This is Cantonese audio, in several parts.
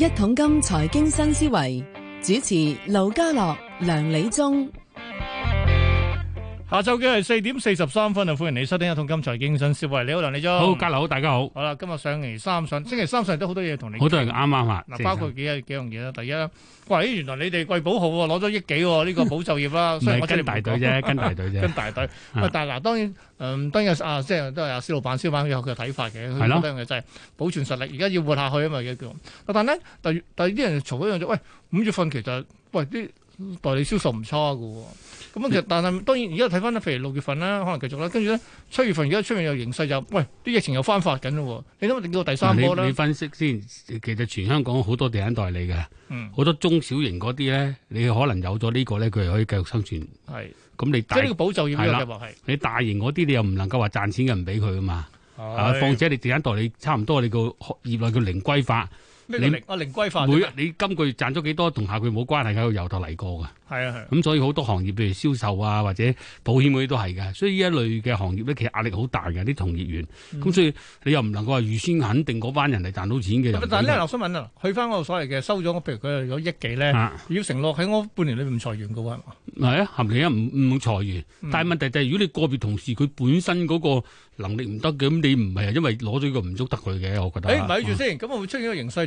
一桶金財經新思維主持：劉家樂、梁理中。下晝嘅係四點四十三分，就歡迎你收聽一通金財經新視頻。你好，梁理中。好，家樓好，大家好。好啦，今日上期三上，星期三上都好多嘢同你講。好多人啱啱啊！嗱，包括幾，常幾啊幾樣嘢啦。第一，喂，原來你哋貴寶好喎，攞咗億幾喎、哦，呢、呢個保就業啦。唔係 跟大隊啫，跟大隊啫。 跟大隊。喂、啊，但嗱，當然，嗯，當然啊，即係都係阿肖老闆、肖闆，闆有佢嘅睇法嘅。係啦。兩樣嘢就係保存實力，而家要活下去啊嘛，叫但係呢，第第啲人嘈嗰樣就喂，五月份其實喂啲。代理銷售唔差嘅，咁其實但係當然而家睇翻譬如六月份啦，可能繼續啦，跟住咧七月份而家出面有形勢就喂啲疫情又翻發緊咯喎，你諗定到第三波啦。你分析先，其實全香港好多地產代理嘅，好、嗯、多中小型嗰啲咧，你可能有咗呢、呢個咧，佢係可以繼續生存。係是，咁你大即呢個保就業嘅一個計劃你大型嗰啲你又唔能夠話賺錢嘅唔俾佢啊嘛，是啊，況且你地產代理差唔多你個業內叫零規化。你啊零規範，你今個月賺咗幾多同下個月冇關係嘅，由頭嚟過嘅。係啊係。咁所以好多行業譬如銷售啊或者保險嗰啲都係嘅，所以呢一類嘅行業咧，其實壓力好大嘅啲同業員。咁所以你又唔能夠話預先肯定嗰班人係賺到錢嘅。但係劉新聞啊，去翻嗰個所謂嘅收咗，譬如佢有億幾咧，要承諾喺我半年裏面唔裁員嘅喎，係嘛？係啊，冚唥唔唔裁員。但係問題就係如果你個別同事佢本身嗰個能力唔得嘅，咁你唔係因為攞咗呢個唔足得佢嘅，我覺得。誒，咪住先，咁我會出現一個形勢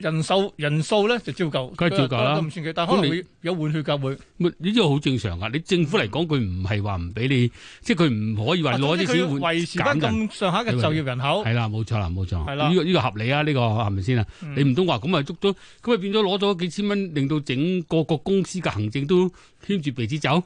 人數人數咧就照舊，梗係照舊啦。唔算嘅，但係可能會有換血價會。呢啲好正常噶。你政府嚟講，佢唔係話唔俾你，即係佢唔可以話攞啲錢換減緊。咁上下嘅就業人口係啦，冇錯啦，冇錯。係啦，呢個呢個合理啊，呢個係咪先啊？你唔通話咁啊捉咗，咁啊變咗攞咗幾千蚊，令到整個個公司嘅行政都牽住鼻子走，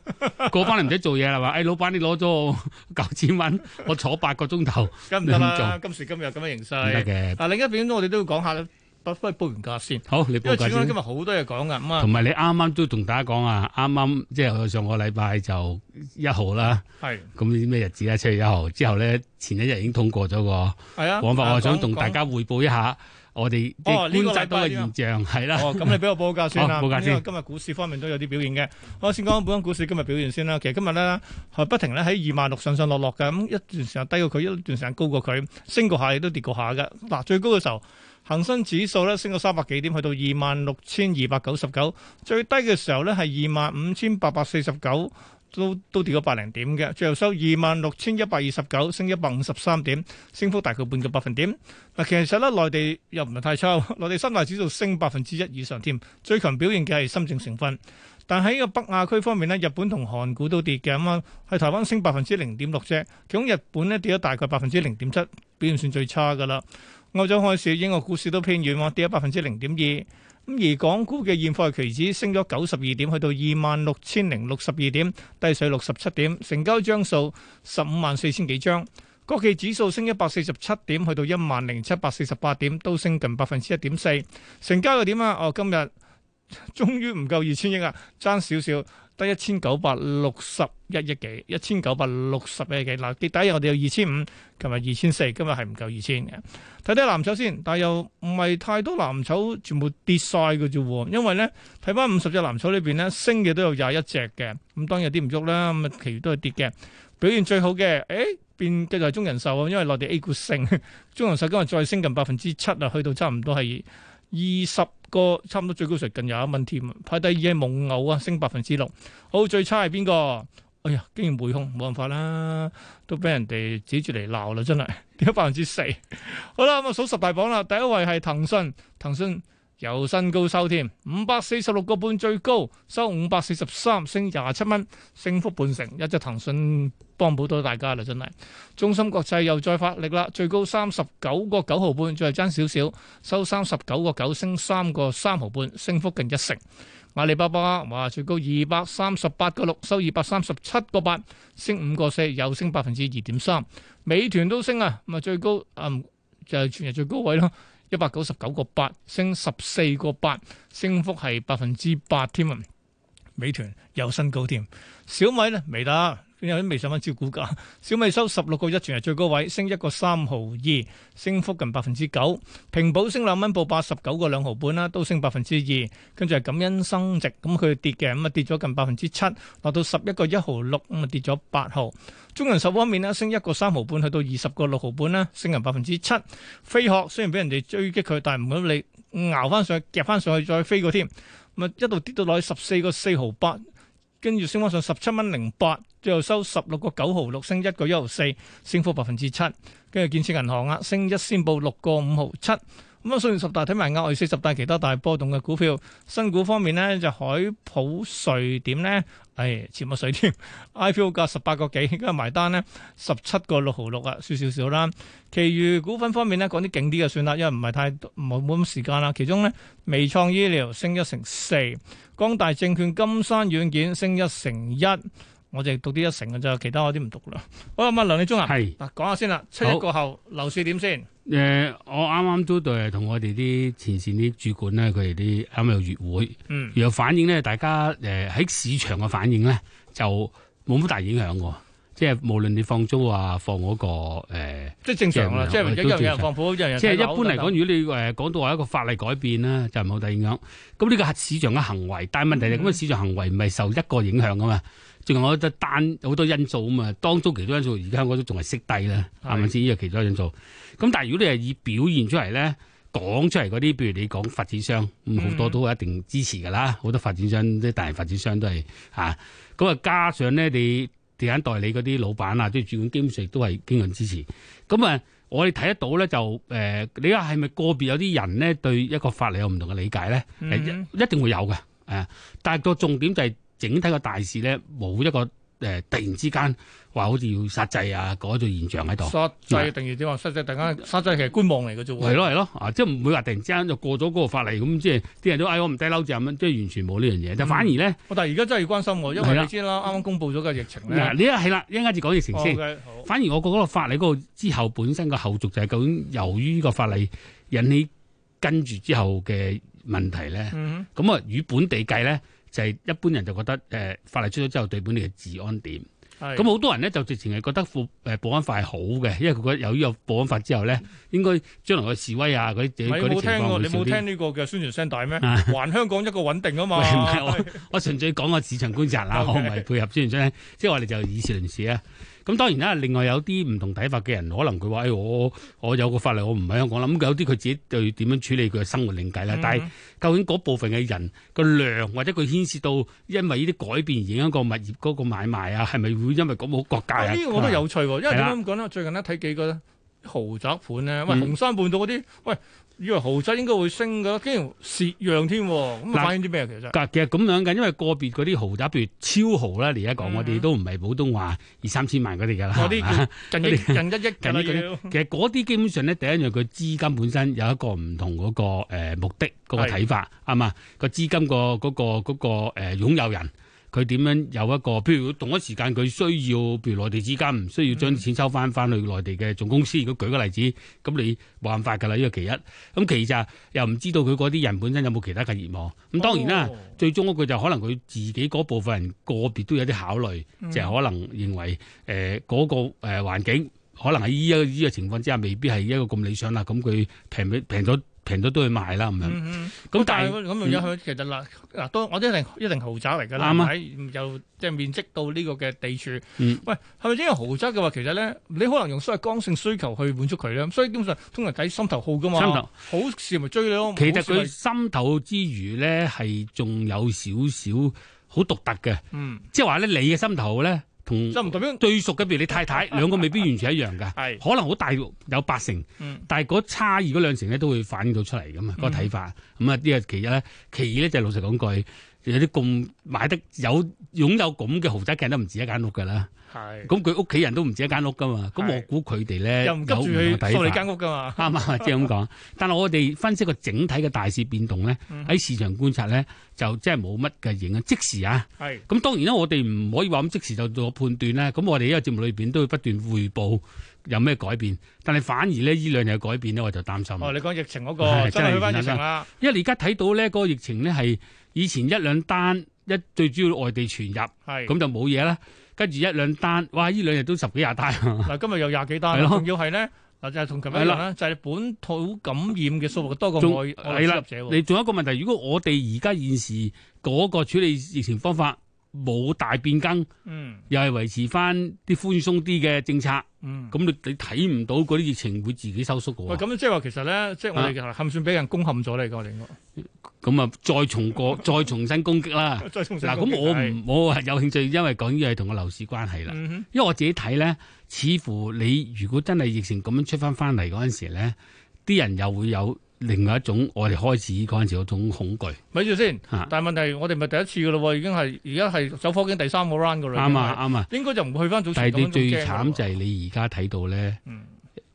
過翻嚟唔使做嘢係嘛？誒，老闆你攞咗九千蚊，我坐八個鐘頭，得唔得啊？今時今日咁嘅形勢，得嘅。嗱，另一點都我哋都要講下啦。不如報完價先。好，你報價先。因為今日好多嘢講噶，同埋你啱啱都同大家講啊，啱啱即係上個禮拜就一號啦。係是。咁啲咩日子咧、啊？七月一號之後咧，前一日已經通過咗個。係啊。黃吧是我想同大家彙報一下我哋觀察到嘅現象。係啦。咁、啊哦、你俾我報價先啦、啊哦。報價先。因為今日股市方面都有啲表現嘅。我先講本港股市今日表現先啦、啊。其實今日咧係不停咧喺二萬六上上落落㗎。咁一段時間低過佢，一段時間高過佢，升過下亦都跌過下㗎。嗱、啊，最高嘅時候。恒生指數咧升咗三百幾點，去到二萬六千二百九十九。最低嘅時候咧係二萬五千八百四十九，都都跌咗百零點嘅。最後收二萬六千一百二十九，升一百五十三點，升幅大概半個百分點。嗱，其實咧內地又唔係太差，內地三大指數升百分之一以上添。最強表現嘅係深證成分，但喺個北亞區方面咧，日本同韓股都跌嘅。咁樣、嗯、啊，喺台灣升百分之零點六啫，其中日本咧跌咗大概百分之零點七，表現算最差噶啦。歐洲開市，英國股市都偏軟喎，跌咗百分之零點二。咁而港股嘅現貨期指升咗九十二點，去到二萬六千零六十二點，低水六十七點，成交張數十五萬四千幾張。國企指數升一百四十七點，去到一萬零七百四十八點，都升近百分之一點四。成交又點啊？哦，今日終於唔夠二千億啊，爭少少。得一千九百六十一億幾，一千九百六十一億幾。嗱，第一日我哋有二千五，琴日二千四，今日係唔夠二千嘅。睇睇藍籌先，但係又唔係太多藍籌，全部跌晒嘅啫。因為咧，睇翻五十隻藍籌裏邊咧，升嘅都有廿一隻嘅。咁當然有啲唔喐啦，咁啊，其餘都係跌嘅。表現最好嘅，誒，變繼續係中人壽啊，因為內地 A 股升，中人壽今日再升近百分之七啊，去到差唔多係。二十個差唔多最高成近廿一蚊添，排第二係蒙牛啊，升百分之六。好，最差係邊個？哎呀，竟然回空，冇辦法啦，都俾人哋指住嚟鬧啦，真係點解百分之四？好啦，咁、嗯、啊數十大榜啦，第一位係騰訊，騰訊。由新高收添，五百四十六個半最高，收五百四十三，升廿七蚊，升幅半成。一隻騰訊幫補到大家啦，真係。中芯國際又再發力啦，最高三十九個九毫半，再係爭少少，收三十九個九，升三個三毫半，升幅近一成。阿里巴巴哇，最高二百三十八個六，收二百三十七個八，升五個四，又升百分之二點三。美團都升啊，咁啊最高，嗯、就係、是、全日最高位咯。一百九十九個八，8，升十四個八，升幅係百分之八添啊！美團有新高添，小米呢？未得。因為都未上翻招股價，小米收十六個一全係最高位，升一個三毫二，升幅近百分之九。平保升兩蚊，報八十九個兩毫半啦，都升百分之二。跟住係感恩生值，咁佢跌嘅，咁啊跌咗近百分之七，落到十一個一毫六，咁啊跌咗八毫。中銀十方面咧，升一個三毫半，去到二十個六毫半啦，升近百分之七。飛鶴雖然俾人哋追擊佢，但係唔好你熬翻上去，夾翻上去再飛過添，咁啊一度跌到落去十四個四毫八。跟住升返上十七蚊零八，最後收十六個九毫六，升一個一毫四，升幅百分之七。跟住建設銀行啊，升一先報六個五毫七。咁啊，雖然、嗯、十大睇埋額外，我哋四十大其他大波動嘅股票，新股方面咧就海普瑞點咧，唉，潛乜水添 ？IPO 價十八個幾，跟住埋單咧十七個六毫六啊，少少少啦。其餘股份方面咧，講啲勁啲就算啦，因為唔係太冇冇咁時間啦。其中咧，微創醫療升一成四，光大證券、金山軟件升一成一。我就讀啲一成嘅啫，其他我啲唔讀啦。好啊，問梁理中啊，係嗱講下先啦。七月過後樓市點先？誒，我啱啱都對，同我哋啲前線啲主管咧，佢哋啲啱啱有月會，然後反應咧。大家誒喺市場嘅反應咧，就冇乜大影響㗎。即係無論你放租啊，放嗰個即係正常㗎啦。即係唔一樣放普，一樣即係一般嚟講，如果你誒講到話一個法例改變咧，就唔好大影響。咁呢個市場嘅行為，但係問題係咁嘅市場行為唔係受一個影響㗎嘛。仲我覺得單好多因素啊嘛，當中其中因素而家我都仲係識低啦，係咪先？呢個其中因素，咁是但係如果你係以表現出嚟咧，講出嚟嗰啲，譬如你講發展商咁，好、嗯、多都一定支持㗎啦。好多發展商，即係大型發展商都係嚇。咁啊，加上咧，你地產代理嗰啲老闆啊，即係主管，基本上都係經常支持。咁啊，我哋睇得到咧，就誒、呃，你話係咪個別有啲人咧對一個法理有唔同嘅理解咧、嗯？一定會有嘅。誒、啊，但係個重點就係、是。整體個大事咧，冇一個誒、呃，突然之間話好似要殺制啊，嗰、那、種、個、現象喺度。殺制定嗎然點話？殺制大家，間，殺制其實觀望嚟嘅啫。係咯係咯，啊，即係唔會話突然之間就過咗嗰個法例，咁即係啲人都嗌我唔低嬲就咁，即係完全冇呢樣嘢。但、嗯、反而咧，我但係而家真係要關心我、啊，因為你知啦，啱啱的公布咗個疫情咧。你啊係啦，一陣間先講疫情先。哦、okay, 反而我覺得嗰個法例嗰個之後本身個後續就係究竟由於呢個法例引起跟住之後嘅問題咧。嗯咁啊，與、嗯、本地計咧。就係一般人就覺得，誒法律出咗之後對本地嘅治安點，咁好是的 多人咧就直情係覺得誒保安法係好嘅，因為佢覺得由於有保安法之後咧，應該將來嘅示威啊嗰啲，你冇聽過？你冇聽呢個嘅宣傳聲帶咩？ 還香港一個穩定啊嘛！ 我我純粹序講下市場觀察啦，我唔係配合宣傳聲，即係 我哋就以事論事啊。咁當然啦，另外有啲唔同睇法嘅人，可能佢話，誒、哎，我我有個法例，我唔喺香港啦。咁有啲佢自己對點樣處理佢嘅生活另計啦。嗯嗯，但係究竟嗰部分嘅人個量，或者佢牽涉到因為呢啲改變而影響個物業嗰個買賣啊，係咪會因為嗰個國界？呢、啊這個我覺得有趣喎，因為點解咁講呢，的最近咧睇幾個咧。豪宅盤咧，喂，紅山半島嗰啲，喂，以為豪宅應該會升嘅，竟然蝕讓添，咁啊反映啲咩啊？其實，嗱，其實咁樣嘅，因為個別嗰啲豪宅，譬如超豪啦，而家講我哋、嗯、都唔係普通話二三千萬嗰啲㗎啦，係嘛？吧近一億 近一億嗰啲，其實嗰啲基本上咧，第一樣佢資金本身有一個唔同嗰個目的嗰、嗰個睇法啊嘛，個是資金、嗰個嗰、嗰個嗰、嗰個嗰個擁有人。佢點樣有一個？譬如同一時間佢需要，譬如內地資金唔需要將啲錢收翻翻去內地嘅總公司。嗯、如果舉個例子，咁你冇辦法㗎啦。呢、這個其一，咁其實又唔知道佢嗰啲人本身有冇其他嘅業務。咁當然啦，哦、最終一句就可能佢自己嗰部分人個別都有啲考慮，就係、可能認為誒嗰、呃那個誒、呃、環境可能喺依一依個情況之下未必係一個咁理想啦。咁佢平平咗。平咗都去買啦，咁樣、嗯。咁、嗯、但係咁又有佢，嗯、其實嗱嗱、啊、都，我哋一定一定豪宅嚟噶啦。啱啊、嗯，又即係面積到呢個嘅地處。嗯、喂，係咪因為豪宅嘅話，其實咧，你可能用所謂剛性需求去滿足佢咧，所以基本上通常睇心頭好噶嘛。心頭好事咪追你咯。其實佢心頭之餘咧，係仲有少少好獨特嘅。嗯、即係話咧，你嘅心頭咧。就唔同樣，最熟嘅，譬如你太太，兩個未必完全一樣噶， 可能好大有八成，嗯、但係嗰差異嗰兩成咧都會反映到出嚟㗎嘛，個睇法。咁啊、嗯，呢個其一咧，其二咧就係、是、老實講句。有啲咁買得有擁有咁嘅豪宅嘅是人都唔止一間屋噶啦，係咁佢屋企人都唔止一間屋噶嘛，咁是我估佢哋咧又唔急住去收你間屋噶嘛，啱 啱？即係咁講。但係我哋分析個整體嘅大市變動咧，喺、嗯、哼市場觀察咧，就即係冇乜嘅影響啊，即時啊，係咁是當然啦，我哋唔可以話咁即時就做判斷咧。咁我哋呢個節目裏邊都會不斷匯報有咩改變，但係反而呢，呢兩日改變咧，我就擔心。哦，你講疫情嗰、那個， 真係諗諗，因為你而家睇到咧，嗰個疫情咧係。以前一兩單一最主要外地傳入，係咁是就冇嘢啦。跟住一兩單，哇！呢兩日都十幾廿單，嗱今日又廿幾單，係咯。仲的要係咧嗱就係同琴日一樣啦，的就係本土感染嘅數目多過外來輸入者。你仲有一個問題，如果我哋而家現時嗰個處理疫情方法，冇大變更，嗯，又係維持翻啲寬鬆啲嘅政策，嗯，咁你你睇唔到嗰啲疫情會自己收縮嘅喎。咁、嗯、即係話其實咧，即係我哋冚算俾人攻陷咗你個嚟講，咁啊，啊再重過 再重新攻擊啦。嗱，咁我唔我係有興趣，因為講依個係同個樓市關係啦。嗯、哼因為我自己睇咧，似乎你如果真係疫情咁樣出翻翻嚟嗰陣時咧，啲人又會有。另外一種，我哋開始嗰陣時嗰種恐懼。咪住先，但係問題我哋唔係第一次噶咯喎，已經係而家係走火警第三個 round 噶啦。啱啊啱啊，應該就唔會去翻早。但係你最慘就係你而家睇到咧，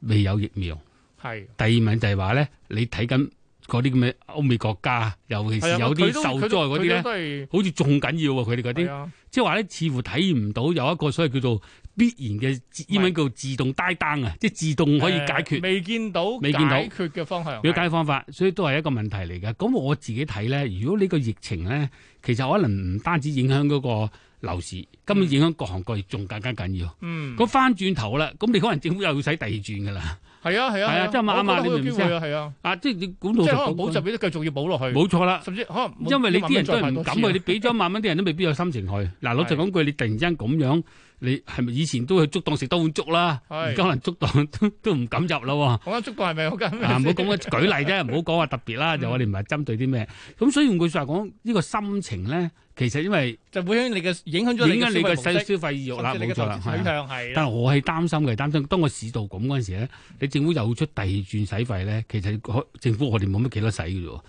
未有疫苗。係第二名就係話咧，你睇緊嗰啲咁嘅歐美國家，尤其是有啲受災嗰啲，都好似仲緊要喎。佢哋嗰啲即係話咧，似乎體驗唔到有一個所謂叫做。必然嘅英文叫自動低單啊，即係自動可以解決。未見到未見到解決嘅方向，解決方法，所以都係一個問題嚟嘅。咁我自己睇咧，如果呢個疫情咧，其實可能唔單止影響嗰個樓市，根本影響各行各業，仲更加緊要。嗯，咁翻轉頭啦，咁你可能政府又要使第二轉噶啦。係啊係啊係啊，即係萬萬，你明唔明啊？係啊，即係你，即係可能補十幾都繼續要補落去。冇錯啦，甚至可能因為你啲人都唔敢去，你俾咗萬蚊，啲人都未必有心情去。嗱，老實講句，你突然之間咁樣。你係咪以前都去粥檔食多碗粥啦？而家可能粥檔都都唔敢入啦。我覺得粥檔係咪好緊啊？唔好講啊，舉例啫，唔好講話特別啦。就我哋唔係針對啲咩，咁所以換句說話講，呢個心情咧，其實因為就會影響你嘅，影響咗，影響你嘅消費意欲啦，冇錯啦。係但係我係擔心嘅，擔心當我市道咁嗰陣時咧，你政府又出第二轉使費咧，其實政府我哋冇乜幾多使嘅啫。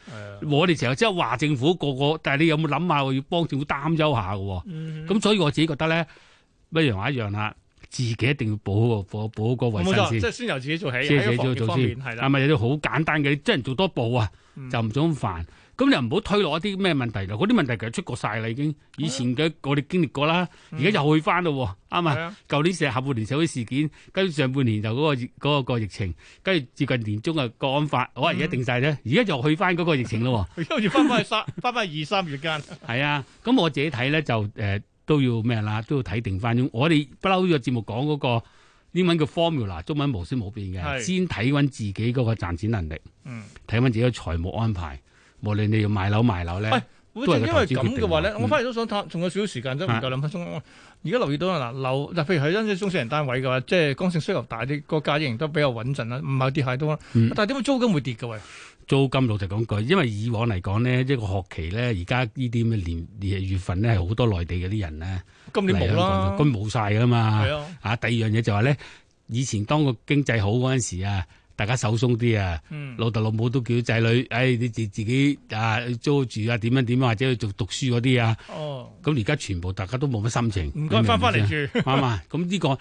我哋成日即係話政府個個，但係你有冇諗下要幫政府擔憂下嘅？咁所以我自己覺得咧。不如話一樣啦，自己一定要保喎，保，保個衛生先。冇錯，即係先由自己做起，先個個做個防疫方面係啦。啱咪有啲好簡單嘅，即係做多步啊，嗯、就唔想咁煩。咁你唔好推落一啲咩問題度，嗰啲問題其實出過晒啦，已經以前嘅我哋經歷過啦，而家又去翻啦，啱嘛。舊、嗯、年成下半年社會事件，跟住上半年就嗰、嗰個、嗰個疫情，跟住接近年中嘅國安法，我話而家定晒啫，而家又去翻嗰個疫情咯，好似翻翻去三翻翻去二三月間。係 啊，咁我自己睇咧就誒。呃都要咩啦？都要睇定返。我哋不嬲呢個節目講嗰個英文叫 formula，中文冇是先冇變嘅，先睇穩自己嗰個賺錢能力，睇穩、嗯、自己嘅財務安排。無論你要買樓賣樓咧。哎因為咁嘅話咧，嗯、我翻嚟都想探，仲有少少時間啫，唔夠兩分鐘。而家是留意到啊，嗱樓嗱，譬如喺啲中小型單位嘅話，即係剛性需求大啲，個價亦都比較穩陣啦，唔係跌太多啦。嗯、但係點解租金會跌嘅喂、嗯？租金老實講句，因為以往嚟講咧，一個學期咧，而家呢啲咁年二月份咧，係好多內地嗰啲人咧今年冇囉，均冇晒噶嘛。啊，第二樣嘢就話咧，以前當個經濟好嗰陣時啊。大家手鬆啲啊，嗯、老豆老母都叫仔女，唉、哎，你自自己啊租住啊，點樣點樣，或者去做讀書嗰啲啊，咁而家全部大家都冇乜心情，唔該翻翻嚟住，啊嘛回來 先，咁呢個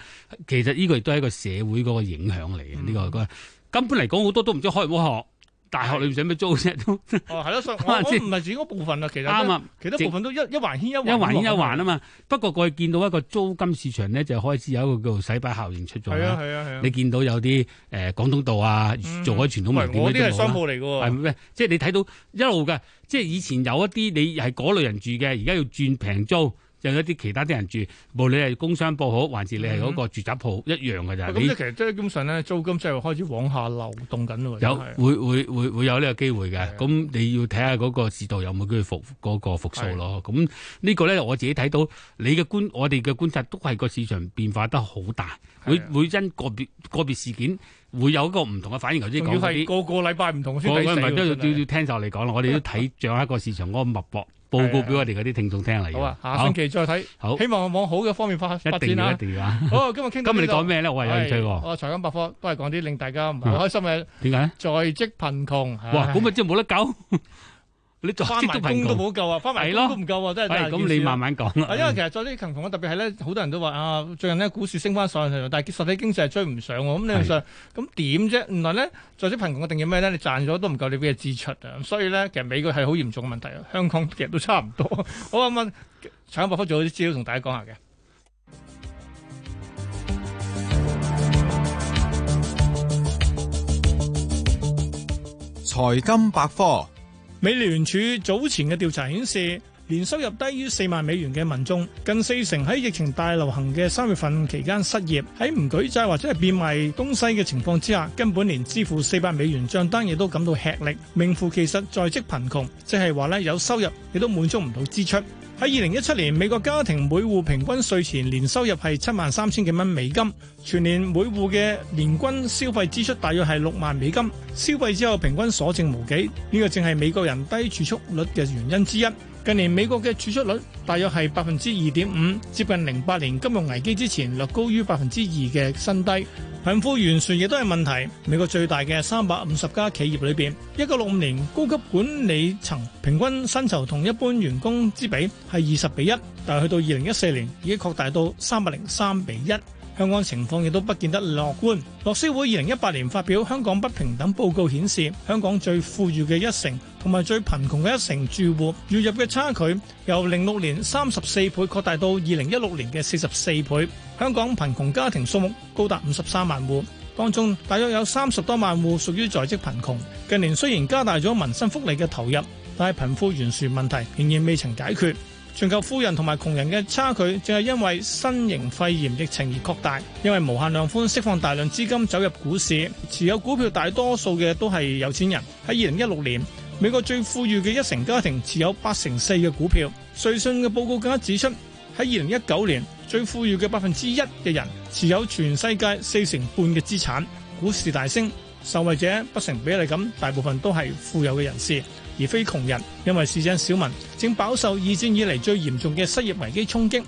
其實呢個亦都係一個社會嗰個影響嚟嘅，呢、呢個根本嚟講好多都唔知開唔開學。大學裏面使咩租啫？都 哦，係咯，所我我唔係自己嗰部分啊，其實啱啊，吧其他部分都一正一環牽一環，一環牽一環啊嘛。不過過去見到一個租金市場咧，就開始有一個叫洗牌效應出咗。係啊係啊，你見到有啲誒、呃、廣東道啊，做開傳統名店、嗯，嗰啲路係商鋪嚟㗎喎。係咩？即係你睇到一路嘅，即係以前有一啲你係嗰類人住嘅，而家要轉平租。有一啲其他啲人住，無論係工商鋪好，還是你係嗰個住宅鋪，嗯、哼一樣嘅就係。咁、嗯、哼你其實即係基本上咧，租金就係開始往下流動緊咯。有的會會會會有呢個機會嘅，咁的你要睇下嗰個市道有冇跟佢復嗰、那個復數咯。咁的呢個咧，我自己睇到你嘅觀，我哋嘅觀察都係個市場變化得好大，會會因個別個別事件。會有一個唔同嘅反應，頭先講嗰啲個個禮拜唔同嘅先。我唔係都要要聽就嚟講啦，我哋都睇仲有一個市場嗰個脈搏報告俾我哋嗰啲聽眾聽嚟。好啊，下星期再睇。好，希望往好嘅方面發展啦。一定要，一定要。好，今日傾今日你講咩咧？我係有興趣喎。我財經百科都係講啲令大家唔開心嘅。點解？在職貧窮。哇，咁咪即係冇得救。你翻埋工都冇夠啊，翻埋工都唔夠啊，的真係、啊。係咁、哎，你慢慢講啦。因為其實在職貧窮特別係咧，好多人都話啊，嗯、最近呢股市升翻上去，但係實體經濟係追唔上，咁你又想咁點啫？原來咧，在職貧窮嘅定義咩咧？你賺咗都唔夠你俾嘅支出啊，所以咧，其實美國係好嚴重嘅問題啊，香港其實都差唔多。 好啊，問財金百科做啲資料同大家講下嘅。財 金百科。美聯儲早前嘅調查顯示，年收入低於四萬美元嘅民眾，近四成喺疫情大流行嘅三月份期間失業，喺唔舉債或者係變賣東西嘅情況之下，根本連支付四百美元帳單亦都感到吃力，名副其實在職貧窮，即係話咧有收入亦都滿足唔到支出。喺二零一七年，美國家庭每戶平均稅前年收入係七萬三千幾蚊美金，全年每戶嘅年均消費支出大約係六萬美金，消費之後平均所剩無幾，呢個正係美國人低儲蓄率嘅原因之一。近年美國嘅儲蓄率大約係百分之二點五，接近零八年金融危機之前略高於百分之二嘅新低。貧富懸殊亦都係問題。美國最大嘅三百五十家企業裏邊，一九六五年高級管理層平均薪酬同一般員工之比係二十比一，但係去到二零一四年已經擴大到三百零三比一。香港情況亦都不見得樂觀。樂施會二零一八年發表《香港不平等報告》顯示，香港最富裕嘅一成同埋最貧窮嘅一成住戶月入嘅差距由零六年三十四倍擴大到二零一六年嘅四十四倍。香港貧窮家庭數目高達五十三萬戶，當中大約有三十多萬戶屬於在職貧窮。近年雖然加大咗民生福利嘅投入，但係貧富懸殊問題仍然未曾解決。全球富人同埋窮人嘅差距，正係因為新型肺炎疫情而擴大，因為無限量寬釋放大量資金走入股市，持有股票大多數嘅都係有錢人。喺二零一六年，美國最富裕嘅一成家庭持有八成四嘅股票。瑞信嘅報告更加指出，喺二零一九年，最富裕嘅百分之一嘅人持有全世界四成半嘅資產。股市大升，受惠者不成比例咁，大部分都係富有嘅人士。而非窮人，因為市長小民正飽受二戰以來最嚴重嘅失業危機衝擊。